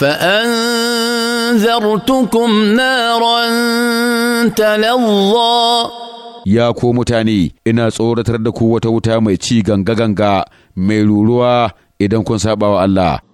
فأنذرتكم نارا تلظى Ya ko mutane, ina tsoratar da ku wata wuta mai ci ganga-ganga mai ruruwa idan kun saɓa wa Allah.